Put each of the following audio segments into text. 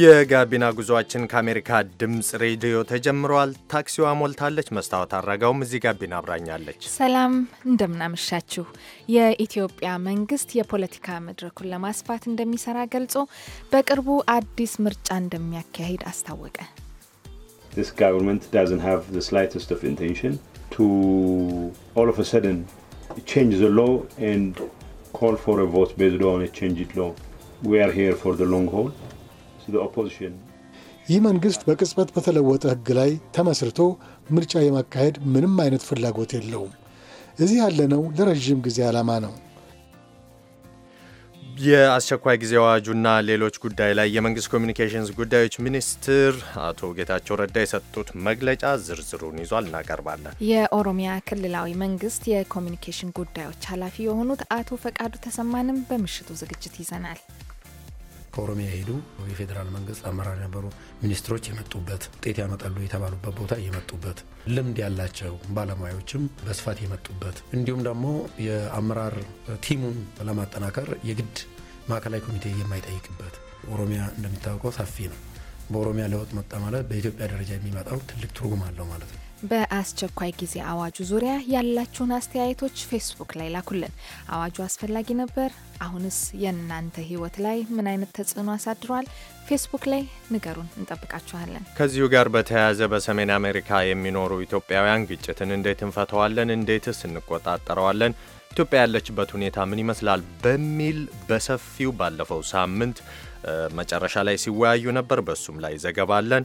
የጋቢና ጉዞአችን ከአሜሪካ ድምፅ ሬዲዮ ተጀምረዋል። ታክሲዋ ሞልታለች። መስታወት አድረገውም እዚህ ጋቢና አብራኛለች። ሰላም እንደምናመሻችሁ። የኢትዮጵያ መንግስት የፖለቲካ መድረኩን ለማስፋት እንደሚሰራ ገልጾ በቅርቡ አዲስ ምርጫ እንደሚያካሂድ አስታወቀ። This government doesn't have the slightest of intention to all of a sudden change the law and call for a vote based on a changed law. We are here for the long haul. ይህ መንግሥት በቅጽበት በተለወጠ ሕግ ላይ ተመስርቶ ምርጫ የማካሄድ ምንም አይነት ፍላጎት የለውም። እዚህ ያለነው ለረዥም ጊዜ ዓላማ ነው። የአስቸኳይ ጊዜ አዋጁና ሌሎች ጉዳይ ላይ የመንግስት ኮሚኒኬሽንስ ጉዳዮች ሚኒስትር አቶ ጌታቸው ረዳ የሰጡት መግለጫ ዝርዝሩን ይዟል፣ እናቀርባለን። የኦሮሚያ ክልላዊ መንግስት የኮሚኒኬሽን ጉዳዮች ኃላፊ የሆኑት አቶ ፈቃዱ ተሰማንም በምሽቱ ዝግጅት ይዘናል። ከኦሮሚያ የሄዱ የፌዴራል መንግስት አመራር የነበሩ ሚኒስትሮች የመጡበት ውጤት ያመጣሉ የተባሉበት ቦታ የመጡበት ልምድ ያላቸው ባለሙያዎችም በስፋት የመጡበት እንዲሁም ደግሞ የአመራር ቲሙን ለማጠናከር የግድ ማዕከላዊ ኮሚቴ የማይጠይቅበት ኦሮሚያ እንደሚታወቀው ሰፊ ነው። በኦሮሚያ ለውጥ መጣ ማለት በኢትዮጵያ ደረጃ የሚመጣው ትልቅ ትርጉም አለው ማለት ነው። በአስቸኳይ ጊዜ አዋጁ ዙሪያ ያላችሁን አስተያየቶች ፌስቡክ ላይ ላኩልን። አዋጁ አስፈላጊ ነበር? አሁንስ የእናንተ ሕይወት ላይ ምን አይነት ተጽዕኖ አሳድሯል? ፌስቡክ ላይ ንገሩን፣ እንጠብቃችኋለን። ከዚሁ ጋር በተያያዘ በሰሜን አሜሪካ የሚኖሩ ኢትዮጵያውያን ግጭትን እንዴት እንፈተዋለን? እንዴትስ እንቆጣጠረዋለን? ኢትዮጵያ ያለችበት ሁኔታ ምን ይመስላል? በሚል በሰፊው ባለፈው ሳምንት መጨረሻ ላይ ሲወያዩ ነበር። በሱም ላይ ዘገባለን።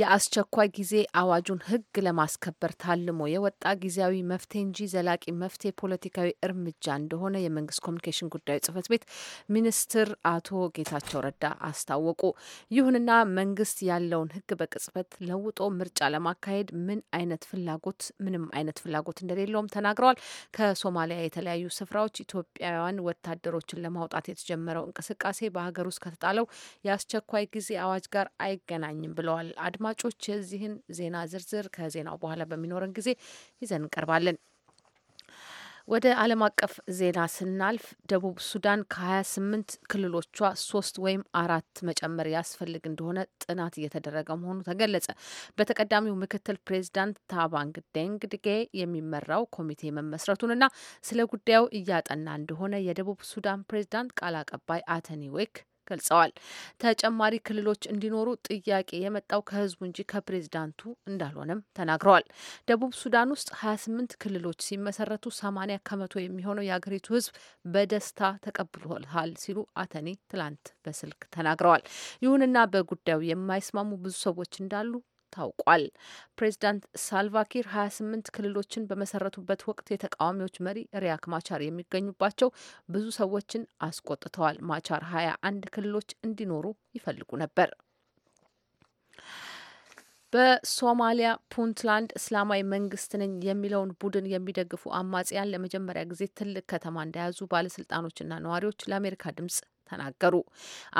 የአስቸኳይ ጊዜ አዋጁን ህግ ለማስከበር ታልሞ የወጣ ጊዜያዊ መፍትሄ እንጂ ዘላቂ መፍትሄ ፖለቲካዊ እርምጃ እንደሆነ የመንግስት ኮሚኒኬሽን ጉዳዩ ጽህፈት ቤት ሚኒስትር አቶ ጌታቸው ረዳ አስታወቁ። ይሁንና መንግስት ያለውን ህግ በቅጽበት ለውጦ ምርጫ ለማካሄድ ምን አይነት ፍላጎት ምንም አይነት ፍላጎት እንደሌለውም ተናግረዋል። ከሶማሊያ የተለያዩ ስፍራዎች ኢትዮጵያውያን ወታደሮችን ለማውጣት የተጀመረው እንቅስቃሴ በሀገር ውስጥ ከተጣለው የአስቸኳይ ጊዜ አዋጅ ጋር አይገናኝም ብለዋል። አድማጮች የዚህን ዜና ዝርዝር ከዜናው በኋላ በሚኖረን ጊዜ ይዘን እንቀርባለን። ወደ ዓለም አቀፍ ዜና ስናልፍ ደቡብ ሱዳን ከ28 ክልሎቿ ሶስት ወይም አራት መጨመር ያስፈልግ እንደሆነ ጥናት እየተደረገ መሆኑ ተገለጸ። በተቀዳሚው ምክትል ፕሬዚዳንት ታባንግ ድጌ የሚመራው ኮሚቴ መመስረቱንና ስለ ጉዳዩ እያጠና እንደሆነ የደቡብ ሱዳን ፕሬዚዳንት ቃል አቀባይ አተኒ ዌክ ገልጸዋል። ተጨማሪ ክልሎች እንዲኖሩ ጥያቄ የመጣው ከህዝቡ እንጂ ከፕሬዝዳንቱ እንዳልሆነም ተናግረዋል። ደቡብ ሱዳን ውስጥ 28 ክልሎች ሲመሰረቱ 80 ከመቶ የሚሆነው የአገሪቱ ህዝብ በደስታ ተቀብሏል ሲሉ አተኒ ትላንት በስልክ ተናግረዋል። ይሁንና በጉዳዩ የማይስማሙ ብዙ ሰዎች እንዳሉ ታውቋል። ፕሬዚዳንት ሳልቫኪር 28 ክልሎችን በመሰረቱበት ወቅት የተቃዋሚዎች መሪ ሪያክ ማቻር የሚገኙባቸው ብዙ ሰዎችን አስቆጥተዋል። ማቻር 21 ክልሎች እንዲኖሩ ይፈልጉ ነበር። በሶማሊያ ፑንትላንድ እስላማዊ መንግስት ነኝ የሚለውን ቡድን የሚደግፉ አማጽያን ለመጀመሪያ ጊዜ ትልቅ ከተማ እንደያዙ ባለስልጣኖችና ነዋሪዎች ለአሜሪካ ድምጽ ተናገሩ።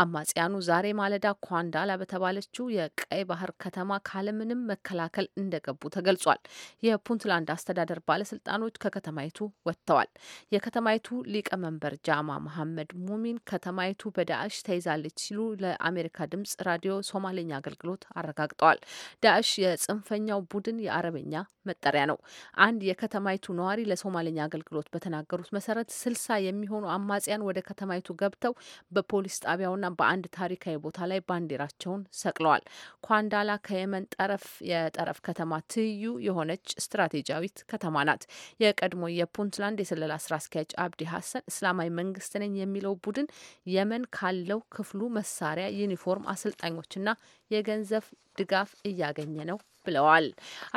አማጽያኑ ዛሬ ማለዳ ኳንዳላ በተባለችው የቀይ ባህር ከተማ ካለምንም መከላከል እንደገቡ ተገልጿል። የፑንትላንድ አስተዳደር ባለስልጣኖች ከከተማይቱ ወጥተዋል። የከተማይቱ ሊቀመንበር ጃማ መሐመድ ሙሚን ከተማይቱ በዳዕሽ ተይዛለች ሲሉ ለአሜሪካ ድምጽ ራዲዮ ሶማሌኛ አገልግሎት አረጋግጠዋል። ዳእሽ የጽንፈኛው ቡድን የአረበኛ መጠሪያ ነው። አንድ የከተማይቱ ነዋሪ ለሶማሌኛ አገልግሎት በተናገሩት መሰረት ስልሳ የሚሆኑ አማጽያን ወደ ከተማይቱ ገብተው በፖሊስ ጣቢያውና በአንድ ታሪካዊ ቦታ ላይ ባንዲራቸውን ሰቅለዋል። ኳንዳላ ከየመን ጠረፍ የጠረፍ ከተማ ትይዩ የሆነች ስትራቴጂያዊት ከተማ ናት። የቀድሞ የፑንትላንድ የስለላ ስራ አስኪያጅ አብዲ ሀሰን እስላማዊ መንግስት ነኝ የሚለው ቡድን የመን ካለው ክፍሉ መሳሪያ፣ ዩኒፎርም፣ አሰልጣኞችና የገንዘብ ድጋፍ እያገኘ ነው ብለዋል።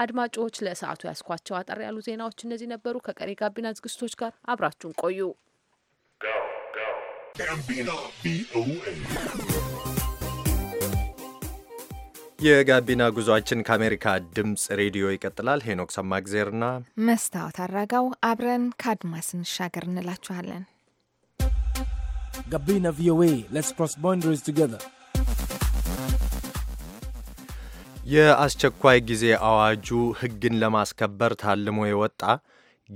አድማጮች ለሰዓቱ ያስኳቸው አጠር ያሉ ዜናዎች እነዚህ ነበሩ። ከቀሪ ጋቢና ዝግጅቶች ጋር አብራችሁን ቆዩ። ጋቢና ቪኦኤ የጋቢና ጉዟችን ከአሜሪካ ድምፅ ሬዲዮ ይቀጥላል። ሄኖክ ሰማግዜርና መስታወት አራጋው አብረን ከአድማስ እንሻገር እንላችኋለን። ጋቢና ቪኦኤ ሌትስ ክሮስ ቦንደሪስ ቱጌዘር የአስቸኳይ ጊዜ አዋጁ ሕግን ለማስከበር ታልሞ የወጣ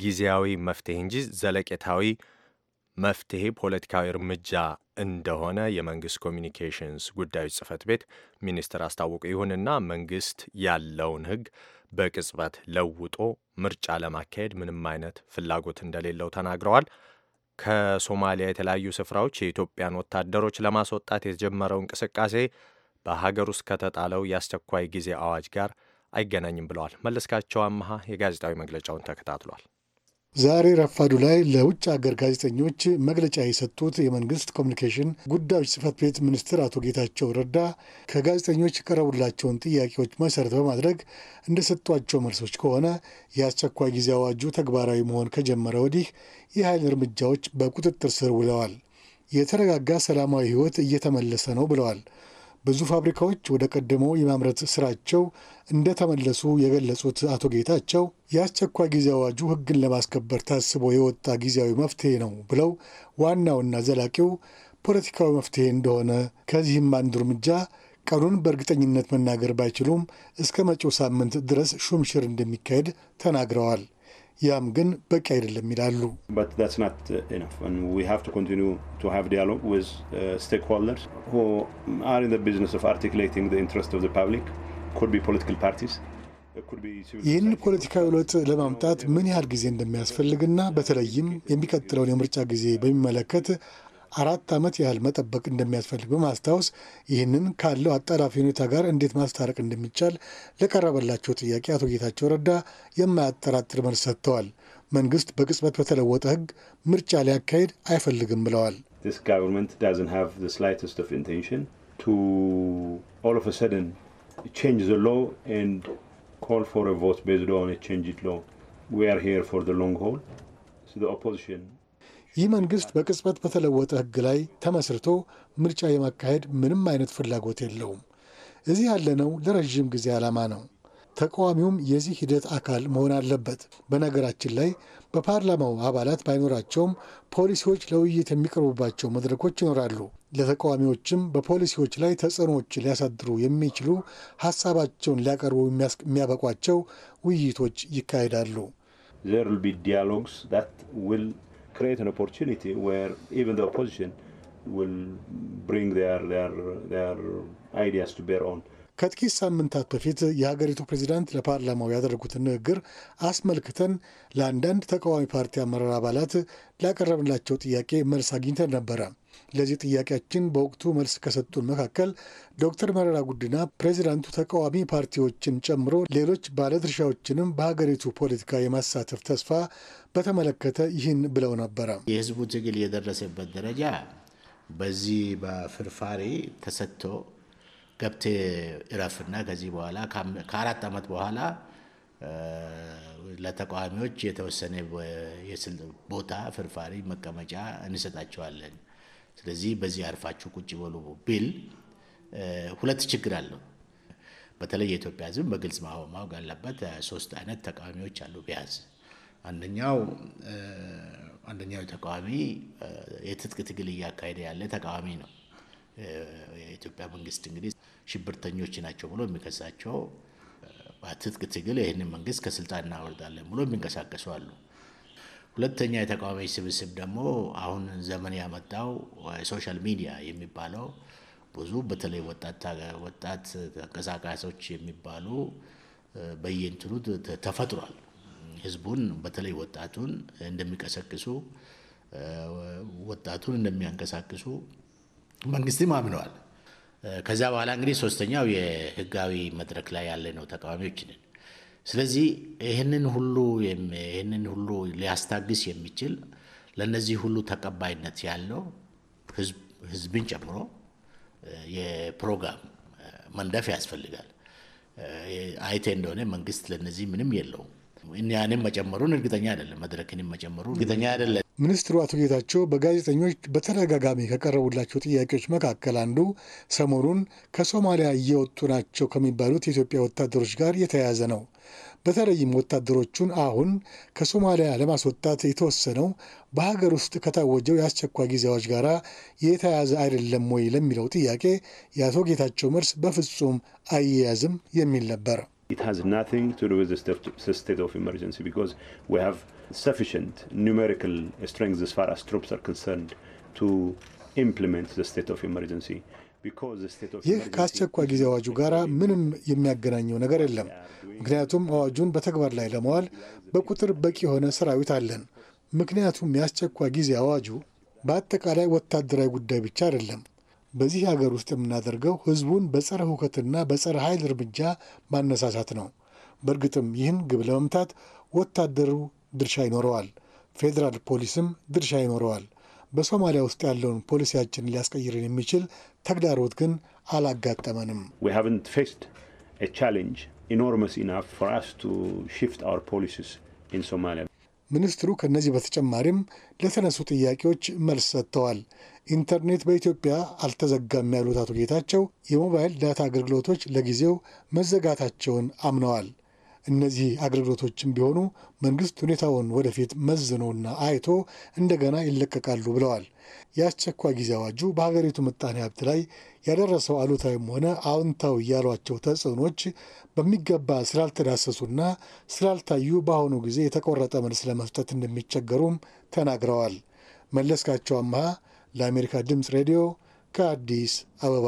ጊዜያዊ መፍትሄ እንጂ ዘለቄታዊ መፍትሄ ፖለቲካዊ እርምጃ እንደሆነ የመንግስት ኮሚኒኬሽንስ ጉዳዮች ጽህፈት ቤት ሚኒስትር አስታወቁ። ይሁንና መንግስት ያለውን ህግ በቅጽበት ለውጦ ምርጫ ለማካሄድ ምንም አይነት ፍላጎት እንደሌለው ተናግረዋል። ከሶማሊያ የተለያዩ ስፍራዎች የኢትዮጵያን ወታደሮች ለማስወጣት የተጀመረው እንቅስቃሴ በሀገር ውስጥ ከተጣለው የአስቸኳይ ጊዜ አዋጅ ጋር አይገናኝም ብለዋል። መለስካቸው አመሃ የጋዜጣዊ መግለጫውን ተከታትሏል። ዛሬ ረፋዱ ላይ ለውጭ ሀገር ጋዜጠኞች መግለጫ የሰጡት የመንግስት ኮሚኒኬሽን ጉዳዮች ጽህፈት ቤት ሚኒስትር አቶ ጌታቸው ረዳ ከጋዜጠኞች የቀረቡላቸውን ጥያቄዎች መሰረት በማድረግ እንደሰጧቸው መልሶች ከሆነ የአስቸኳይ ጊዜ አዋጁ ተግባራዊ መሆን ከጀመረ ወዲህ የኃይል እርምጃዎች በቁጥጥር ስር ውለዋል። የተረጋጋ ሰላማዊ ህይወት እየተመለሰ ነው ብለዋል ብዙ ፋብሪካዎች ወደ ቀድሞ የማምረት ስራቸው እንደተመለሱ የገለጹት አቶ ጌታቸው የአስቸኳይ ጊዜ አዋጁ ሕግን ለማስከበር ታስቦ የወጣ ጊዜያዊ መፍትሄ ነው ብለው ዋናውና ዘላቂው ፖለቲካዊ መፍትሄ እንደሆነ ከዚህም አንዱ እርምጃ ቀኑን በእርግጠኝነት መናገር ባይችሉም እስከ መጪው ሳምንት ድረስ ሹምሽር እንደሚካሄድ ተናግረዋል። ያም ግን በቂ አይደለም ይላሉ። uh, ይህን ፖለቲካዊ ለውጥ ለማምጣት ምን ያህል ጊዜ እንደሚያስፈልግና በተለይም የሚቀጥለውን የምርጫ ጊዜ በሚመለከት አራት ዓመት ያህል መጠበቅ እንደሚያስፈልግ በማስታወስ ይህንን ካለው አጣዳፊ ሁኔታ ጋር እንዴት ማስታረቅ እንደሚቻል ለቀረበላቸው ጥያቄ አቶ ጌታቸው ረዳ የማያጠራጥር መልስ ሰጥተዋል። መንግስት በቅጽበት በተለወጠ ህግ ምርጫ ሊያካሄድ አይፈልግም ብለዋል። ይህ መንግስት በቅጽበት በተለወጠ ህግ ላይ ተመስርቶ ምርጫ የማካሄድ ምንም አይነት ፍላጎት የለውም። እዚህ ያለነው ለረዥም ጊዜ ዓላማ ነው። ተቃዋሚውም የዚህ ሂደት አካል መሆን አለበት። በነገራችን ላይ በፓርላማው አባላት ባይኖራቸውም ፖሊሲዎች ለውይይት የሚቀርቡባቸው መድረኮች ይኖራሉ። ለተቃዋሚዎችም በፖሊሲዎች ላይ ተጽዕኖዎች ሊያሳድሩ የሚችሉ ሀሳባቸውን ሊያቀርቡ የሚያበቋቸው ውይይቶች ይካሄዳሉ። create an opportunity where even the opposition will bring their, their, their ideas to bear on. ከጥቂት ሳምንታት በፊት የሀገሪቱ ፕሬዚዳንት ለፓርላማው ያደረጉትን ንግግር አስመልክተን ለአንዳንድ ተቃዋሚ ፓርቲ አመራር አባላት ላቀረብንላቸው ጥያቄ መልስ አግኝተን ነበረ። ለዚህ ጥያቄያችን በወቅቱ መልስ ከሰጡን መካከል ዶክተር መረራ ጉዲና ፕሬዚዳንቱ ተቃዋሚ ፓርቲዎችን ጨምሮ ሌሎች ባለድርሻዎችንም በሀገሪቱ ፖለቲካ የማሳተፍ ተስፋ በተመለከተ ይህን ብለው ነበረ። የህዝቡ ትግል የደረሰበት ደረጃ በዚህ በፍርፋሪ ተሰጥቶ ገብቴ እረፍና ከዚህ በኋላ ከአራት ዓመት በኋላ ለተቃዋሚዎች የተወሰነ ቦታ ፍርፋሪ መቀመጫ እንሰጣቸዋለን ስለዚህ በዚህ አርፋችሁ ቁጭ በሉ ቢል ሁለት ችግር አለው። በተለይ የኢትዮጵያ ሕዝብ በግልጽ ማወቅ ያለበት ሶስት አይነት ተቃዋሚዎች አሉ ቢያዝ አንደኛው አንደኛው ተቃዋሚ የትጥቅ ትግል እያካሄደ ያለ ተቃዋሚ ነው። የኢትዮጵያ መንግስት እንግዲህ ሽብርተኞች ናቸው ብሎ የሚከሳቸው በትጥቅ ትግል ይህንን መንግስት ከስልጣን እናወርዳለን ብሎ የሚንቀሳቀሱ አሉ። ሁለተኛ የተቃዋሚዎች ስብስብ ደግሞ አሁን ዘመን ያመጣው ሶሻል ሚዲያ የሚባለው ብዙ በተለይ ወጣት ተንቀሳቃሶች የሚባሉ በየንትኑ ተፈጥሯል። ህዝቡን በተለይ ወጣቱን እንደሚቀሰቅሱ ወጣቱን እንደሚያንቀሳቅሱ መንግስትም አምነዋል። ከዛ በኋላ እንግዲህ ሶስተኛው የህጋዊ መድረክ ላይ ያለ ነው ተቃዋሚዎች ነን። ስለዚህ ይህንን ሁሉ ይህንን ሁሉ ሊያስታግስ የሚችል ለእነዚህ ሁሉ ተቀባይነት ያለው ህዝብን ጨምሮ የፕሮግራም መንደፍ ያስፈልጋል። አይቴ እንደሆነ መንግስት ለነዚህ ምንም የለውም። ያንም መጨመሩን እርግጠኛ አይደለም፣ መድረክንም መጨመሩ እርግጠኛ አይደለም። ሚኒስትሩ አቶ ጌታቸው በጋዜጠኞች በተደጋጋሚ ከቀረቡላቸው ጥያቄዎች መካከል አንዱ ሰሞኑን ከሶማሊያ እየወጡ ናቸው ከሚባሉት የኢትዮጵያ ወታደሮች ጋር የተያያዘ ነው። በተለይም ወታደሮቹን አሁን ከሶማሊያ ለማስወጣት የተወሰነው በሀገር ውስጥ ከታወጀው የአስቸኳይ ጊዜ አዋጅ ጋር የተያያዘ አይደለም ወይ ለሚለው ጥያቄ የአቶ ጌታቸው መልስ በፍጹም አያያዝም የሚል ነበር። It has nothing to do with the state of emergency because we have sufficient numerical strength as far as troops are concerned to implement the state of emergency. ይህ ከአስቸኳይ ጊዜ አዋጁ ጋር ምንም የሚያገናኘው ነገር የለም። ምክንያቱም አዋጁን በተግባር ላይ ለመዋል በቁጥር በቂ የሆነ ሰራዊት አለን። ምክንያቱም የአስቸኳይ ጊዜ አዋጁ በአጠቃላይ ወታደራዊ ጉዳይ ብቻ አይደለም። በዚህ ሀገር ውስጥ የምናደርገው ህዝቡን በጸረ ሁከትና በጸረ ኃይል እርምጃ ማነሳሳት ነው። በእርግጥም ይህን ግብ ለመምታት ወታደሩ ድርሻ ይኖረዋል፣ ፌዴራል ፖሊስም ድርሻ ይኖረዋል። በሶማሊያ ውስጥ ያለውን ፖሊሲያችን ሊያስቀይርን የሚችል ተግዳሮት ግን አላጋጠመንም። ኢኖርመስ ኢናፍ ፎር አስ ቱ ሽፍት አወር ፖሊሲስ ኢን ሶማሊያ ሚኒስትሩ ከእነዚህ በተጨማሪም ለተነሱ ጥያቄዎች መልስ ሰጥተዋል። ኢንተርኔት በኢትዮጵያ አልተዘጋም ያሉት አቶ ጌታቸው የሞባይል ዳታ አገልግሎቶች ለጊዜው መዘጋታቸውን አምነዋል። እነዚህ አገልግሎቶችም ቢሆኑ መንግስት ሁኔታውን ወደፊት መዝኖና አይቶ እንደገና ይለቀቃሉ ብለዋል። የአስቸኳይ ጊዜ አዋጁ በሀገሪቱ ምጣኔ ሀብት ላይ ያደረሰው አሉታዊም ሆነ አዎንታዊ ያሏቸው ተጽዕኖች በሚገባ ስላልተዳሰሱና ስላልታዩ በአሁኑ ጊዜ የተቆረጠ መልስ ለመስጠት እንደሚቸገሩም ተናግረዋል። መለስካቸው አምሃ ለአሜሪካ ድምፅ ሬዲዮ ከአዲስ አበባ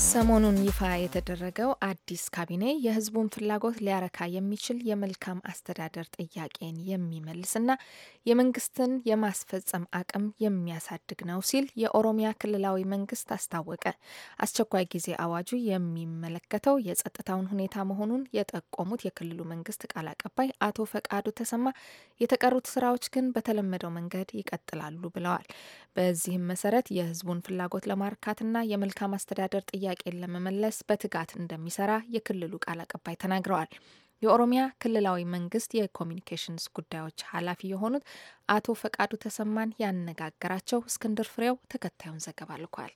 ሰሞኑን ይፋ የተደረገው አዲስ ካቢኔ የህዝቡን ፍላጎት ሊያረካ የሚችል የመልካም አስተዳደር ጥያቄን የሚመልስና የመንግስትን የማስፈጸም አቅም የሚያሳድግ ነው ሲል የኦሮሚያ ክልላዊ መንግስት አስታወቀ። አስቸኳይ ጊዜ አዋጁ የሚመለከተው የጸጥታውን ሁኔታ መሆኑን የጠቆሙት የክልሉ መንግስት ቃል አቀባይ አቶ ፈቃዱ ተሰማ የተቀሩት ስራዎች ግን በተለመደው መንገድ ይቀጥላሉ ብለዋል። በዚህም መሰረት የህዝቡን ፍላጎት ለማርካትና የመልካም አስተዳደር ጥያቄን ለመመለስ በትጋት እንደሚሰራ የክልሉ ቃል አቀባይ ተናግረዋል። የኦሮሚያ ክልላዊ መንግስት የኮሚኒኬሽንስ ጉዳዮች ኃላፊ የሆኑት አቶ ፈቃዱ ተሰማን ያነጋገራቸው እስክንድር ፍሬው ተከታዩን ዘገባ ልኳል።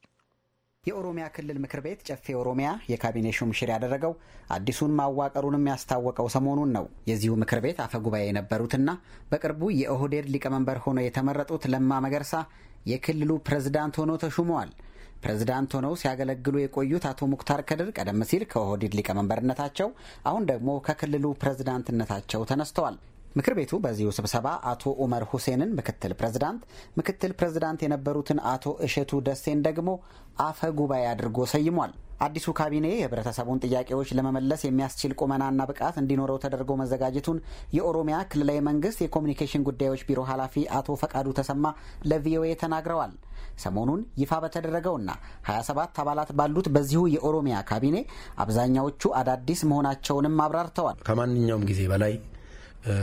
የኦሮሚያ ክልል ምክር ቤት ጨፌ ኦሮሚያ የካቢኔ ሹምሽር ያደረገው አዲሱን ማዋቀሩንም ያስታወቀው ሰሞኑን ነው። የዚሁ ምክር ቤት አፈ ጉባኤ የነበሩትና በቅርቡ የኦህዴድ ሊቀመንበር ሆነው የተመረጡት ለማ መገርሳ የክልሉ ፕሬዝዳንት ሆነው ተሹመዋል። ፕሬዝዳንት ሆነው ሲያገለግሉ የቆዩት አቶ ሙክታር ከድር ቀደም ሲል ከኦህዴድ ሊቀመንበርነታቸው አሁን ደግሞ ከክልሉ ፕሬዝዳንትነታቸው ተነስተዋል። ምክር ቤቱ በዚሁ ስብሰባ አቶ ኡመር ሁሴንን ምክትል ፕሬዝዳንት፣ ምክትል ፕሬዝዳንት የነበሩትን አቶ እሸቱ ደሴን ደግሞ አፈ ጉባኤ አድርጎ ሰይሟል። አዲሱ ካቢኔ የህብረተሰቡን ጥያቄዎች ለመመለስ የሚያስችል ቁመናና ብቃት እንዲኖረው ተደርጎ መዘጋጀቱን የኦሮሚያ ክልላዊ መንግስት የኮሚኒኬሽን ጉዳዮች ቢሮ ኃላፊ አቶ ፈቃዱ ተሰማ ለቪኦኤ ተናግረዋል። ሰሞኑን ይፋ በተደረገውና 27 አባላት ባሉት በዚሁ የኦሮሚያ ካቢኔ አብዛኛዎቹ አዳዲስ መሆናቸውንም አብራርተዋል። ከማንኛውም ጊዜ በላይ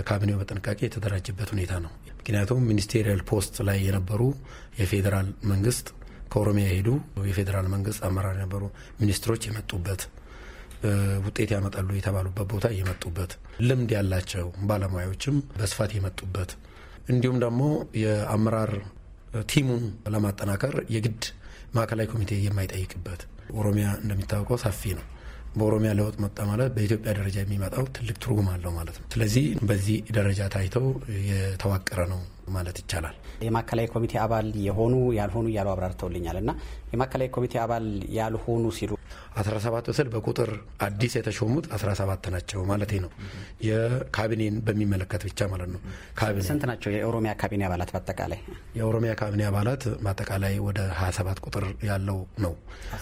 ካቢኔው በጥንቃቄ የተደራጀበት ሁኔታ ነው። ምክንያቱም ሚኒስቴሪያል ፖስት ላይ የነበሩ የፌዴራል መንግስት ከኦሮሚያ የሄዱ የፌዴራል መንግስት አመራር የነበሩ ሚኒስትሮች የመጡበት ውጤት ያመጣሉ የተባሉበት ቦታ የመጡበት ልምድ ያላቸው ባለሙያዎችም በስፋት የመጡበት እንዲሁም ደግሞ የአመራር ቲሙን ለማጠናከር የግድ ማዕከላዊ ኮሚቴ የማይጠይቅበት ኦሮሚያ እንደሚታወቀው ሰፊ ነው። በኦሮሚያ ለውጥ መጣ ማለት በኢትዮጵያ ደረጃ የሚመጣው ትልቅ ትርጉም አለው ማለት ነው። ስለዚህ በዚህ ደረጃ ታይተው የተዋቀረ ነው ማለት ይቻላል። የማዕከላዊ ኮሚቴ አባል የሆኑ ያልሆኑ እያሉ አብራርተውልኛል እና የማዕከላዊ ኮሚቴ አባል ያልሆኑ ሲሉ 17 ስል በቁጥር አዲስ የተሾሙት 17 ናቸው ማለት ነው። የካቢኔን በሚመለከት ብቻ ማለት ነው። ስንት ናቸው የኦሮሚያ ካቢኔ አባላት? በአጠቃላይ የኦሮሚያ ካቢኔ አባላት በአጠቃላይ ወደ 27 ቁጥር ያለው ነው።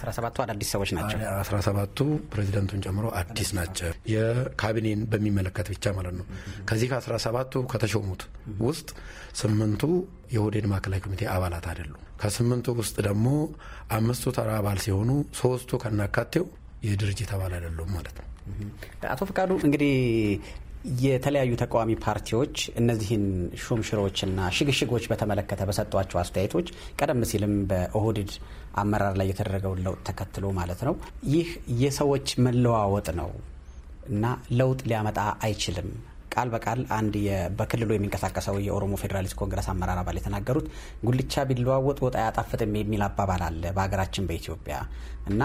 17ቱ አዳዲስ ሰዎች ናቸው። 17ቱ ፕሬዚደንቱን ጨምሮ አዲስ ናቸው። የካቢኔን በሚመለከት ብቻ ማለት ነው። ከዚህ ከ17ቱ ከተሾሙት ውስጥ ስምንቱ የኦህዴድ ማዕከላዊ ኮሚቴ አባላት አይደሉም። ከስምንቱ ውስጥ ደግሞ አምስቱ ተራ አባል ሲሆኑ ሶስቱ ከናካቴው የድርጅት አባል አይደሉም ማለት ነው። አቶ ፈቃዱ እንግዲህ የተለያዩ ተቃዋሚ ፓርቲዎች እነዚህን ሹምሽሮችና ሽግሽጎች በተመለከተ በሰጧቸው አስተያየቶች ቀደም ሲልም በኦህዴድ አመራር ላይ የተደረገውን ለውጥ ተከትሎ ማለት ነው ይህ የሰዎች መለዋወጥ ነው እና ለውጥ ሊያመጣ አይችልም ቃል በቃል አንድ በክልሉ የሚንቀሳቀሰው የኦሮሞ ፌዴራሊስት ኮንግረስ አመራር አባል የተናገሩት ጉልቻ ቢለዋወጥ ወጥ አያጣፍጥም የሚል አባባል አለ በሀገራችን በኢትዮጵያ እና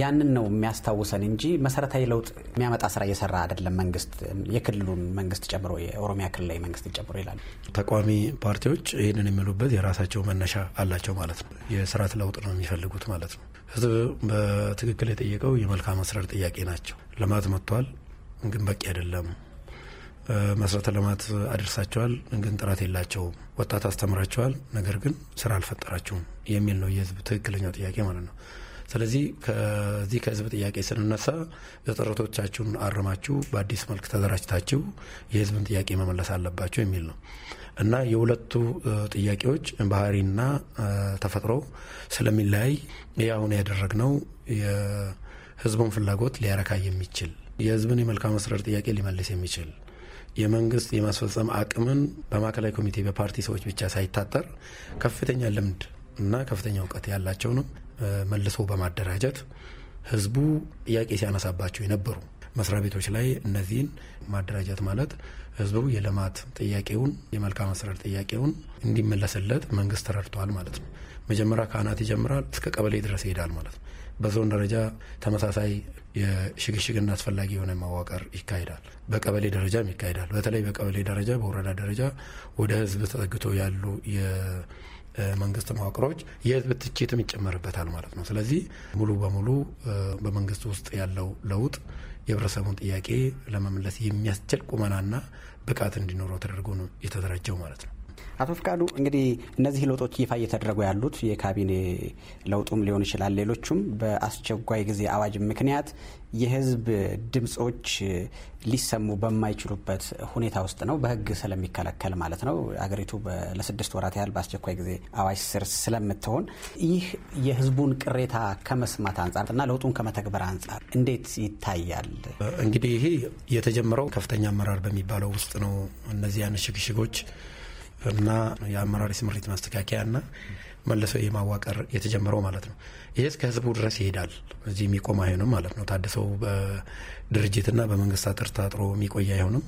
ያንን ነው የሚያስታውሰን እንጂ መሰረታዊ ለውጥ የሚያመጣ ስራ እየሰራ አይደለም መንግስት፣ የክልሉን መንግስት ጨምሮ የኦሮሚያ ክልላዊ መንግስት ጨምሮ ይላሉ። ተቃዋሚ ፓርቲዎች ይህንን የሚሉበት የራሳቸው መነሻ አላቸው ማለት ነው። የስርዓት ለውጥ ነው የሚፈልጉት ማለት ነው። ህዝብ በትክክል የጠየቀው የመልካም አስተዳደር ጥያቄ ናቸው። ልማት መጥቷል፣ ግን በቂ አይደለም መሰረተ ልማት አድርሳቸዋል፣ ግን ጥራት የላቸውም። ወጣት አስተምራቸዋል፣ ነገር ግን ስራ አልፈጠራቸውም የሚል ነው የህዝብ ትክክለኛው ጥያቄ ማለት ነው። ስለዚህ ከዚህ ከህዝብ ጥያቄ ስንነሳ ተጠረቶቻችሁን አርማችሁ በአዲስ መልክ ተደራጅታችሁ የህዝብን ጥያቄ መመለስ አለባችሁ የሚል ነው እና የሁለቱ ጥያቄዎች ባህሪና ተፈጥሮ ስለሚለያይ ይህ አሁን ያደረግነው የህዝቡን ፍላጎት ሊያረካ የሚችል የህዝብን የመልካም አስተዳደር ጥያቄ ሊመልስ የሚችል የመንግስት የማስፈጸም አቅምን በማዕከላዊ ኮሚቴ በፓርቲ ሰዎች ብቻ ሳይታጠር ከፍተኛ ልምድ እና ከፍተኛ እውቀት ያላቸውንም መልሶ በማደራጀት ህዝቡ ጥያቄ ሲያነሳባቸው የነበሩ መስሪያ ቤቶች ላይ እነዚህን ማደራጀት ማለት ህዝቡ የልማት ጥያቄውን የመልካም አሰራር ጥያቄውን እንዲመለስለት መንግስት ተረድቷል ማለት ነው። መጀመሪያ ከአናት ይጀምራል፣ እስከ ቀበሌ ድረስ ይሄዳል ማለት ነው። በዞን ደረጃ ተመሳሳይ የሽግሽግና አስፈላጊ የሆነ መዋቅር ይካሄዳል። በቀበሌ ደረጃም ይካሄዳል። በተለይ በቀበሌ ደረጃ፣ በወረዳ ደረጃ ወደ ህዝብ ተጠግቶ ያሉ የመንግስት መዋቅሮች የህዝብ ትችትም ይጨመርበታል ማለት ነው። ስለዚህ ሙሉ በሙሉ በመንግስት ውስጥ ያለው ለውጥ የህብረተሰቡን ጥያቄ ለመመለስ የሚያስችል ቁመናና ብቃት እንዲኖረው ተደርጎ ነው የተደራጀው ማለት ነው። አቶ ፍቃዱ እንግዲህ እነዚህ ለውጦች ይፋ እየተደረጉ ያሉት የካቢኔ ለውጡም ሊሆን ይችላል፣ ሌሎቹም በአስቸኳይ ጊዜ አዋጅ ምክንያት የህዝብ ድምጾች ሊሰሙ በማይችሉበት ሁኔታ ውስጥ ነው። በህግ ስለሚከለከል ማለት ነው። አገሪቱ ለስድስት ወራት ያህል በአስቸኳይ ጊዜ አዋጅ ስር ስለምትሆን ይህ የህዝቡን ቅሬታ ከመስማት አንጻር እና ለውጡን ከመተግበር አንጻር እንዴት ይታያል? እንግዲህ ይሄ የተጀመረው ከፍተኛ አመራር በሚባለው ውስጥ ነው። እነዚህ አይነት ሽግሽጎች እና የአመራር ስምሪት ማስተካከያና መልሶ የማዋቀር የተጀመረው ማለት ነው። ይህ እስከ ህዝቡ ድረስ ይሄዳል። እዚህ የሚቆም አይሆንም ማለት ነው። ታደሰው በድርጅትና በመንግስት አጥር ታጥሮ የሚቆይ አይሆንም።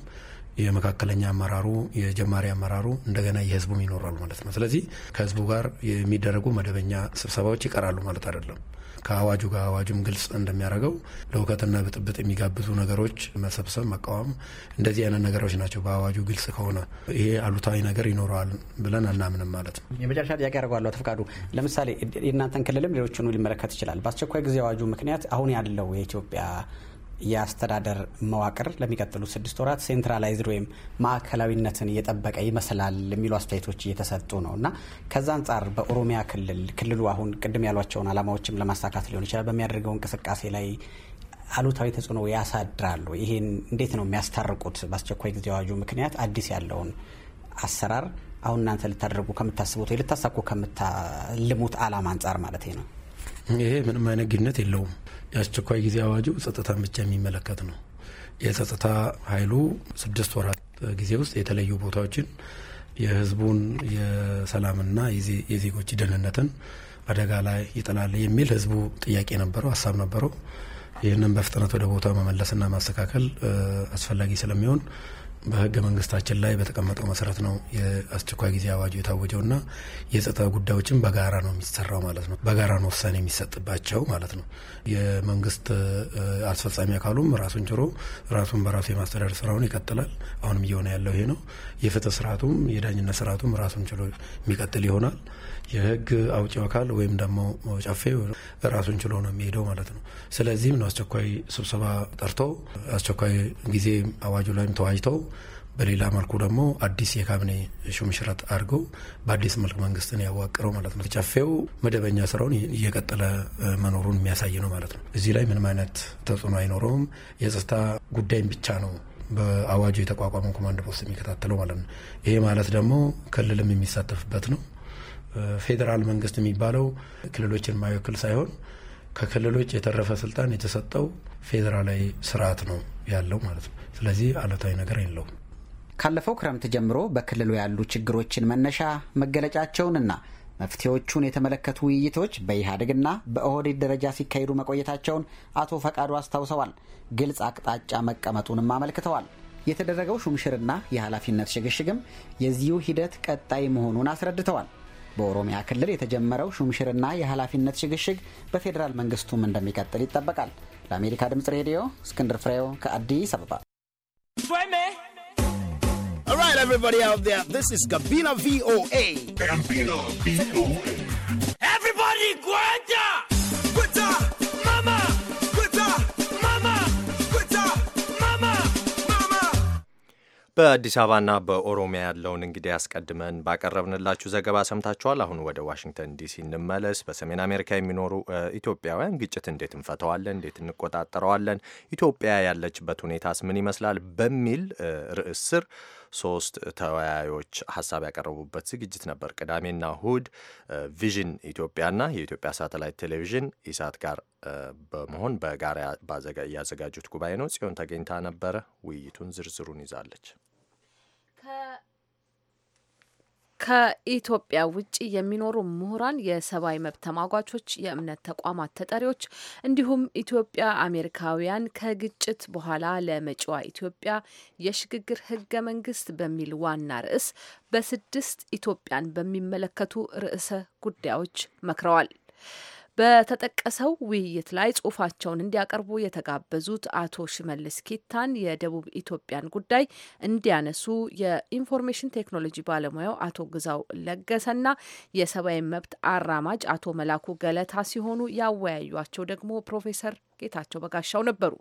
የመካከለኛ አመራሩ፣ የጀማሪ አመራሩ እንደገና የህዝቡም ይኖራሉ ማለት ነው። ስለዚህ ከህዝቡ ጋር የሚደረጉ መደበኛ ስብሰባዎች ይቀራሉ ማለት አይደለም። ከአዋጁ ጋር አዋጁም ግልጽ እንደሚያደርገው ለውከትና ብጥብጥ የሚጋብዙ ነገሮች መሰብሰብ፣ መቃወም እንደዚህ አይነት ነገሮች ናቸው። በአዋጁ ግልጽ ከሆነ ይሄ አሉታዊ ነገር ይኖረዋል ብለን አናምንም ማለት ነው። የመጨረሻ ጥያቄ ያደርጓለሁ። ተፍቃዱ፣ ለምሳሌ የእናንተን ክልልም ሌሎችኑ ሊመለከት ይችላል። በአስቸኳይ ጊዜ አዋጁ ምክንያት አሁን ያለው የኢትዮጵያ የአስተዳደር መዋቅር ለሚቀጥሉት ስድስት ወራት ሴንትራላይዝድ ወይም ማዕከላዊነትን እየጠበቀ ይመስላል የሚሉ አስተያየቶች እየተሰጡ ነው እና ከዛ አንጻር በኦሮሚያ ክልል ክልሉ አሁን ቅድም ያሏቸውን አላማዎችም ለማሳካት ሊሆን ይችላል በሚያደርገው እንቅስቃሴ ላይ አሉታዊ ተጽዕኖ ያሳድራሉ። ይሄን እንዴት ነው የሚያስታርቁት? በአስቸኳይ ጊዜ አዋጁ ምክንያት አዲስ ያለውን አሰራር አሁን እናንተ ልታደርጉ ከምታስቡት ወይ ልታሳኩ ከምታልሙት ዓላማ አንጻር ማለት ነው። ይሄ ምንም አይነት ግንኙነት የለውም። የአስቸኳይ ጊዜ አዋጁ ጸጥታን ብቻ የሚመለከት ነው። የጸጥታ ኃይሉ ስድስት ወራት ጊዜ ውስጥ የተለዩ ቦታዎችን የህዝቡን የሰላምና የዜጎች ደህንነትን አደጋ ላይ ይጥላል የሚል ህዝቡ ጥያቄ ነበረው፣ ሀሳብ ነበረው። ይህንን በፍጥነት ወደ ቦታው መመለስና ማስተካከል አስፈላጊ ስለሚሆን በህገ መንግስታችን ላይ በተቀመጠው መሰረት ነው የአስቸኳይ ጊዜ አዋጁ እና የጸጥታ ጉዳዮችን በጋራ ነው የሚሰራው ማለት ነው። በጋራ ነው ውሳኔ የሚሰጥባቸው ማለት ነው። የመንግስት አስፈጻሚ አካሉም ራሱን ችሎ ራሱን በራሱ የማስተዳደር ስራውን ይቀጥላል። አሁንም እየሆነ ያለው ይሄ ነው። የፍትህ ስርዓቱም የዳኝነት ስርዓቱም ራሱን ችሎ የሚቀጥል ይሆናል። የህግ አውጪው አካል ወይም ደግሞ ጨፌ ራሱን ችሎ ነው የሚሄደው ማለት ነው። ስለዚህም ነው አስቸኳይ ስብሰባ ጠርቶ አስቸኳይ ጊዜ አዋጁ ላይም ተዋጅተው በሌላ መልኩ ደግሞ አዲስ የካቢኔ ሹምሽረት አድርገው በአዲስ መልክ መንግስትን ያዋቅረው ማለት ነው። ጨፌው መደበኛ ስራውን እየቀጠለ መኖሩን የሚያሳይ ነው ማለት ነው። እዚህ ላይ ምንም አይነት ተጽዕኖ አይኖረውም። የጸጥታ ጉዳይም ብቻ ነው በአዋጁ የተቋቋመው ኮማንድ ፖስት የሚከታተለው ማለት ነው። ይሄ ማለት ደግሞ ክልልም የሚሳተፍበት ነው። ፌዴራል መንግስት የሚባለው ክልሎችን ማይወክል ሳይሆን ከክልሎች የተረፈ ስልጣን የተሰጠው ፌዴራላዊ ስርዓት ነው ያለው ማለት ነው። ስለዚህ አሉታዊ ነገር የለውም። ካለፈው ክረምት ጀምሮ በክልሉ ያሉ ችግሮችን መነሻ መገለጫቸውንና መፍትሄዎቹን የተመለከቱ ውይይቶች በኢህአዴግና በኦህዴድ ደረጃ ሲካሄዱ መቆየታቸውን አቶ ፈቃዱ አስታውሰዋል። ግልጽ አቅጣጫ መቀመጡንም አመልክተዋል። የተደረገው ሹምሽርና የኃላፊነት ሽግሽግም የዚሁ ሂደት ቀጣይ መሆኑን አስረድተዋል። በኦሮሚያ ክልል የተጀመረው ሹምሽርና የኃላፊነት ሽግሽግ በፌዴራል መንግስቱም እንደሚቀጥል ይጠበቃል። ለአሜሪካ ድምጽ ሬዲዮ እስክንድር ፍሬው ከአዲስ አበባ። All right, everybody out there, this is Gabina VOA. Gabina VOA. በአዲስ አበባና በኦሮሚያ ያለውን እንግዲህ አስቀድመን ባቀረብንላችሁ ዘገባ ሰምታችኋል። አሁን ወደ ዋሽንግተን ዲሲ እንመለስ። በሰሜን አሜሪካ የሚኖሩ ኢትዮጵያውያን ግጭት እንዴት እንፈተዋለን፣ እንዴት እንቆጣጠረዋለን፣ ኢትዮጵያ ያለችበት ሁኔታስ ምን ይመስላል በሚል ርዕስ ስር ሶስት ተወያዮች ሀሳብ ያቀረቡበት ዝግጅት ነበር። ቅዳሜና እሁድ ቪዥን ኢትዮጵያና የኢትዮጵያ ሳተላይት ቴሌቪዥን ኢሳት ጋር በመሆን በጋራ እያዘጋጁት ጉባኤ ነው። ጽዮን ተገኝታ ነበረ። ውይይቱን ዝርዝሩን ይዛለች። ከኢትዮጵያ ውጭ የሚኖሩ ምሁራን፣ የሰብአዊ መብት ተሟጋቾች፣ የእምነት ተቋማት ተጠሪዎች እንዲሁም ኢትዮጵያ አሜሪካውያን ከግጭት በኋላ ለመጪዋ ኢትዮጵያ የሽግግር ህገ መንግስት በሚል ዋና ርዕስ በስድስት ኢትዮጵያን በሚመለከቱ ርዕሰ ጉዳዮች መክረዋል። በተጠቀሰው ውይይት ላይ ጽሁፋቸውን እንዲያቀርቡ የተጋበዙት አቶ ሽመልስ ኪታን የደቡብ ኢትዮጵያን ጉዳይ እንዲያነሱ የኢንፎርሜሽን ቴክኖሎጂ ባለሙያው አቶ ግዛው ለገሰና የሰብአዊ መብት አራማጅ አቶ መላኩ ገለታ ሲሆኑ ያወያዩቸው ደግሞ ፕሮፌሰር ጌታቸው በጋሻው ነበሩ።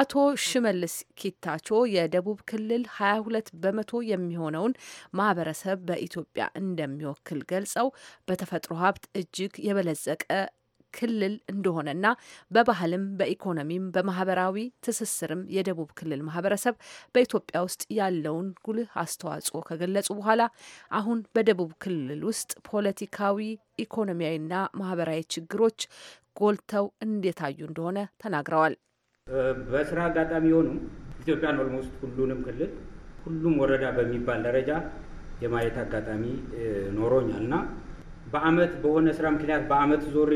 አቶ ሽመልስ ኪታቾ የደቡብ ክልል 22 በመቶ የሚሆነውን ማህበረሰብ በኢትዮጵያ እንደሚወክል ገልጸው በተፈጥሮ ሀብት እጅግ የበለጸቀ ክልል እንደሆነና በባህልም በኢኮኖሚም በማህበራዊ ትስስርም የደቡብ ክልል ማህበረሰብ በኢትዮጵያ ውስጥ ያለውን ጉልህ አስተዋጽኦ ከገለጹ በኋላ አሁን በደቡብ ክልል ውስጥ ፖለቲካዊ፣ ኢኮኖሚያዊና ማህበራዊ ችግሮች ጎልተው እንደታዩ እንደሆነ ተናግረዋል። በስራ አጋጣሚ የሆኑም ኢትዮጵያን ኦልሞስት ሁሉንም ክልል ሁሉም ወረዳ በሚባል ደረጃ የማየት አጋጣሚ ኖሮኛል እና በአመት በሆነ ስራ ምክንያት በአመት ዞሬ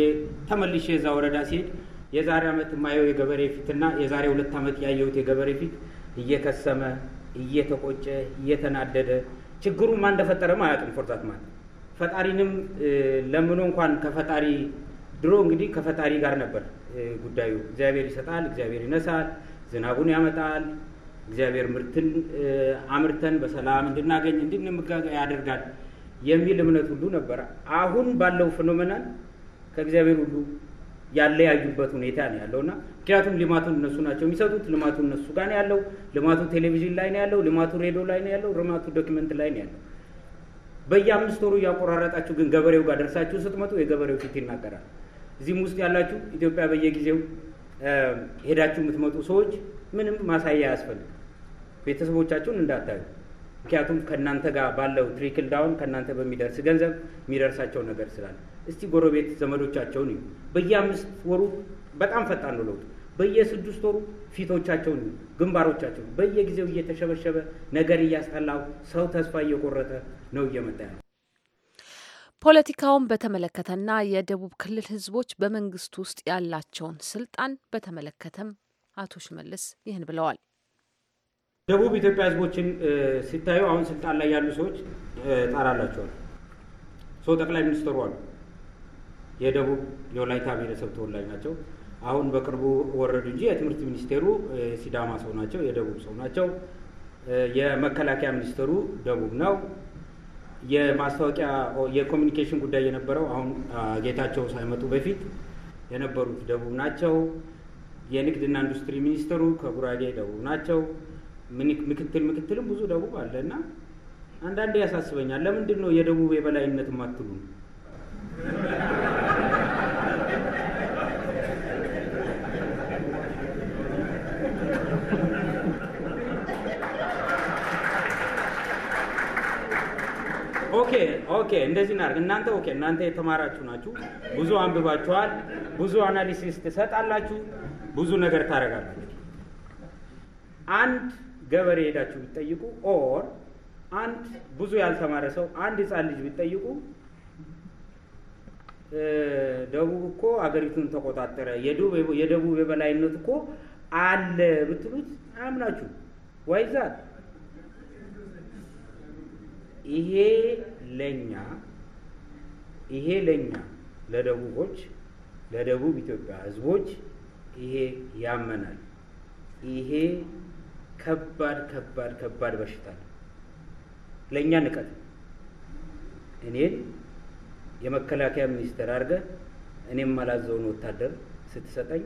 ተመልሼ የዛ ወረዳ ሲሄድ የዛሬ አመት የማየው የገበሬ ፊትና የዛሬ ሁለት አመት ያየሁት የገበሬ ፊት እየከሰመ እየተቆጨ እየተናደደ ችግሩን ማን እንደፈጠረም አያውቅም። ፎርዛት ማለት ፈጣሪንም ለምኖ እንኳን ከፈጣሪ ድሮ እንግዲህ ከፈጣሪ ጋር ነበር ጉዳዩ። እግዚአብሔር ይሰጣል፣ እግዚአብሔር ይነሳል፣ ዝናቡን ያመጣል፣ እግዚአብሔር ምርትን አምርተን በሰላም እንድናገኝ እንድንመጋገ ያደርጋል። የሚል እምነት ሁሉ ነበረ። አሁን ባለው ፌኖሜናን ከእግዚአብሔር ሁሉ ያለያዩበት ሁኔታ ነው ያለውና ምክንያቱም ልማቱን እነሱ ናቸው የሚሰጡት። ልማቱ እነሱ ጋር ነው ያለው። ልማቱ ቴሌቪዥን ላይ ነው ያለው። ልማቱ ሬዲዮ ላይ ነው ያለው። ልማቱ ዶክመንት ላይ ነው ያለው። በየአምስት ወሩ እያቆራረጣችሁ ግን ገበሬው ጋር ደርሳችሁ ስትመጡ የገበሬው ፊት ይናገራል። እዚህም ውስጥ ያላችሁ ኢትዮጵያ በየጊዜው ሄዳችሁ የምትመጡ ሰዎች ምንም ማሳያ አያስፈልግም። ቤተሰቦቻችሁን እንዳታዩ ምክንያቱም ከእናንተ ጋር ባለው ትሪክል ዳውን ከእናንተ በሚደርስ ገንዘብ የሚደርሳቸው ነገር ስላለ እስቲ ጎረቤት ዘመዶቻቸውን እዩ። በየአምስት ወሩ በጣም ፈጣን ነው ለውጡ። በየስድስት ወሩ ፊቶቻቸውን እዩ፣ ግንባሮቻቸውን በየጊዜው እየተሸበሸበ ነገር እያስጠላው ሰው ተስፋ እየቆረጠ ነው እየመጣ ነው። ፖለቲካውን በተመለከተና የደቡብ ክልል ህዝቦች በመንግስት ውስጥ ያላቸውን ስልጣን በተመለከተም አቶ ሽመልስ ይህን ብለዋል። ደቡብ ኢትዮጵያ ህዝቦችን ሲታዩ አሁን ስልጣን ላይ ያሉ ሰዎች ጣራላቸዋል። ሰው ጠቅላይ ሚኒስትሩ አሉ የደቡብ የወላይታ ብሔረሰብ ተወላጅ ናቸው። አሁን በቅርቡ ወረዱ እንጂ የትምህርት ሚኒስቴሩ ሲዳማ ሰው ናቸው፣ የደቡብ ሰው ናቸው። የመከላከያ ሚኒስቴሩ ደቡብ ነው። የማስታወቂያ የኮሚኒኬሽን ጉዳይ የነበረው አሁን ጌታቸው ሳይመጡ በፊት የነበሩት ደቡብ ናቸው። የንግድና ኢንዱስትሪ ሚኒስትሩ ከጉራጌ ደቡብ ናቸው። ምክትል ምክትልም ብዙ ደቡብ አለ እና አንዳንዴ ያሳስበኛል። ለምንድን ነው የደቡብ የበላይነት ማትሉ? ኦኬ ኦኬ፣ እንደዚህ እናድርግ። እናንተ ኦኬ፣ እናንተ የተማራችሁ ናችሁ፣ ብዙ አንብባችኋል፣ ብዙ አናሊሲስ ትሰጣላችሁ፣ ብዙ ነገር ታደርጋላችሁ። አንድ ገበሬ ሄዳችሁ ቢጠይቁ ኦር አንድ ብዙ ያልተማረ ሰው አንድ ህፃን ልጅ ቢጠይቁ ደቡብ እኮ አገሪቱን ተቆጣጠረ፣ የደቡብ የበላይነት እኮ አለ ብትሉት አያምናችሁ። ዋይዛል ይሄ ለኛ ይሄ ለኛ ለደቡቦች ለደቡብ ኢትዮጵያ ህዝቦች ይሄ ያመናል። ይሄ ከባድ ከባድ ከባድ በሽታ ነው። ለእኛ ንቀት እኔን የመከላከያ ሚኒስትር አድርገ እኔም ማላዘውን ወታደር ስትሰጠኝ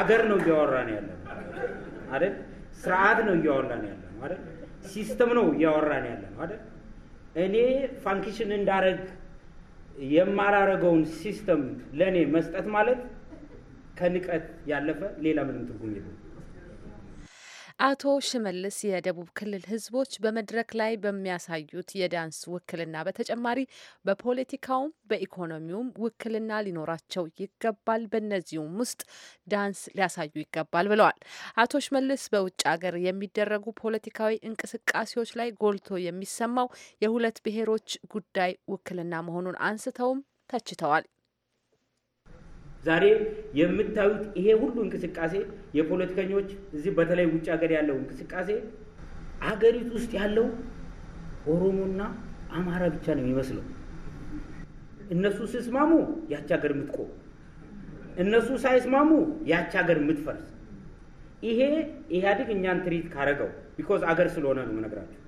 አገር ነው እያወራ ነው ያለ ነው አይደል? ስርዓት ነው እያወራ ነው ያለ ነው አይደል? ሲስተም ነው እያወራ ነው ያለ ነው አይደል? እኔ ፋንክሽን እንዳረግ የማላረገውን ሲስተም ለእኔ መስጠት ማለት ከንቀት ያለፈ ሌላ ምንም ትርጉም የለም። አቶ ሽመልስ የደቡብ ክልል ህዝቦች በመድረክ ላይ በሚያሳዩት የዳንስ ውክልና በተጨማሪ በፖለቲካውም በኢኮኖሚውም ውክልና ሊኖራቸው ይገባል፣ በእነዚሁም ውስጥ ዳንስ ሊያሳዩ ይገባል ብለዋል። አቶ ሽመልስ በውጭ ሀገር የሚደረጉ ፖለቲካዊ እንቅስቃሴዎች ላይ ጎልቶ የሚሰማው የሁለት ብሔሮች ጉዳይ ውክልና መሆኑን አንስተውም ተችተዋል። ዛሬ የምታዩት ይሄ ሁሉ እንቅስቃሴ የፖለቲከኞች እዚህ በተለይ ውጭ ሀገር ያለው እንቅስቃሴ አገሪቱ ውስጥ ያለው ኦሮሞና አማራ ብቻ ነው የሚመስለው። እነሱ ሲስማሙ ያች ሀገር የምትቆም፣ እነሱ ሳይስማሙ ያች ሀገር የምትፈርስ። ይሄ ኢህአዴግ እኛን ትሪት ካረገው ቢኮዝ አገር ስለሆነ ነው የምነግራቸው።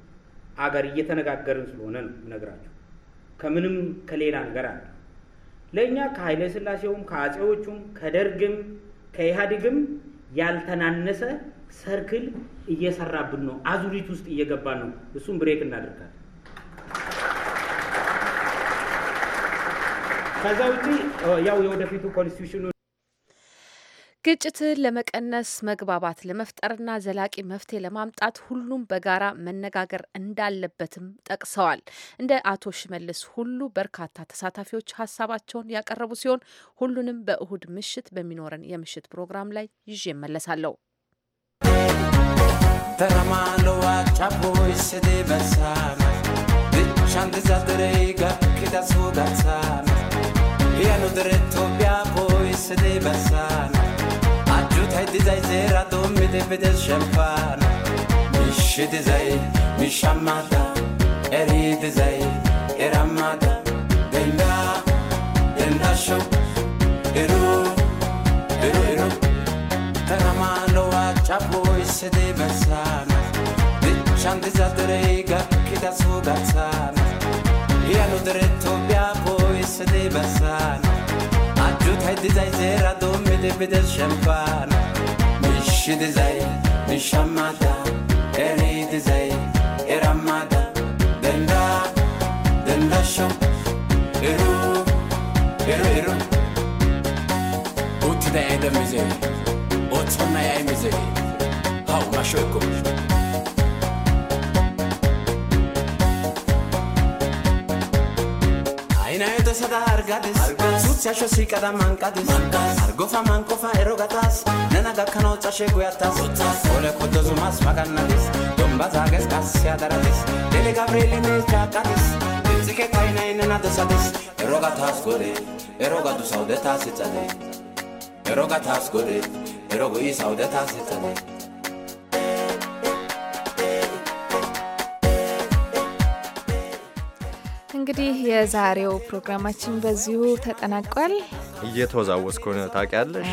አገር እየተነጋገርን ስለሆነ ነው የምነግራቸው። ከምንም ከሌላ ነገር አለ ለእኛ ከኃይለ ስላሴውም ከአጼዎቹም ከደርግም ከኢህአዴግም ያልተናነሰ ሰርክል እየሰራብን ነው። አዙሪት ውስጥ እየገባ ነው። እሱም ብሬክ እናደርጋለን። ከዛ ውጪ ያው የወደፊቱ ኮንስቲቱሽኑ ግጭትን ለመቀነስ መግባባት ለመፍጠርና ዘላቂ መፍትሄ ለማምጣት ሁሉም በጋራ መነጋገር እንዳለበትም ጠቅሰዋል። እንደ አቶ ሽመልስ ሁሉ በርካታ ተሳታፊዎች ሀሳባቸውን ያቀረቡ ሲሆን ሁሉንም በእሁድ ምሽት በሚኖረን የምሽት ፕሮግራም ላይ ይዤ እመለሳለሁ። Hieno ኢትዮጵያ ቦይስ ዴ በሳና dizay zerato midefetes champana mishi dizay mishamata eri dizay eramata denda denda show eru eru eru tanamalo wachapo isede basana dichan dizadere gakkida sugatsana hiano dere tobiapo isede basana ajjutay dizay zerato midefetes champana نشید زی نشمد ارید زی ارمد دندا دندا شو ایرو ایرو ایرو اوتی ده ایدم میزی اوتون نیای میزی هاو نشو کمش ვინაიდესა და არ გადის სუცია შოსიკა და მანკადის არგოფა მანკოფა ეროგატას ნანა გაქანო წაშე გუათას ოლე ფოტოზუ მას მაგანადის დომბაზაგეს გასია დარადის დელე გაბრიელი ნეჭაკადის ძიკე თაინაინა ნადესადის ეროგატას გორი ეროგადუ საუდეთას იწადე ეროგატას გორი ეროგოი საუდეთას იწადე እንግዲህ የዛሬው ፕሮግራማችን በዚሁ ተጠናቋል። እየተወዛወዝ ከሆነ ታውቂያለሽ።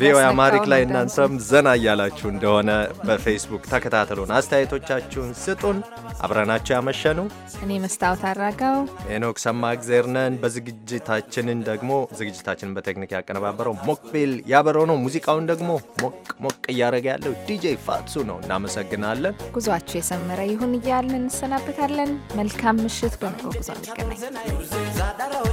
ቪኦኤ አማሪክ ላይ እናንተም ዘና እያላችሁ እንደሆነ በፌስቡክ ተከታተሉን፣ አስተያየቶቻችሁን ስጡን። አብረናችሁ ያመሸኑ እኔ መስታወት አራጋው፣ ኤኖክ ሰማ እግዜር ነን። በዝግጅታችንን ደግሞ ዝግጅታችንን በቴክኒክ ያቀነባበረው ሞክቤል ያበረው ነው። ሙዚቃውን ደግሞ ሞቅ ሞቅ እያደረገ ያለው ዲጄ ፋትሱ ነው። እናመሰግናለን። ጉዟችሁ የሰመረ ይሁን እያልን እንሰናበታለን። መልካም ምሽት በንሮ ጉዞ Jamaican night.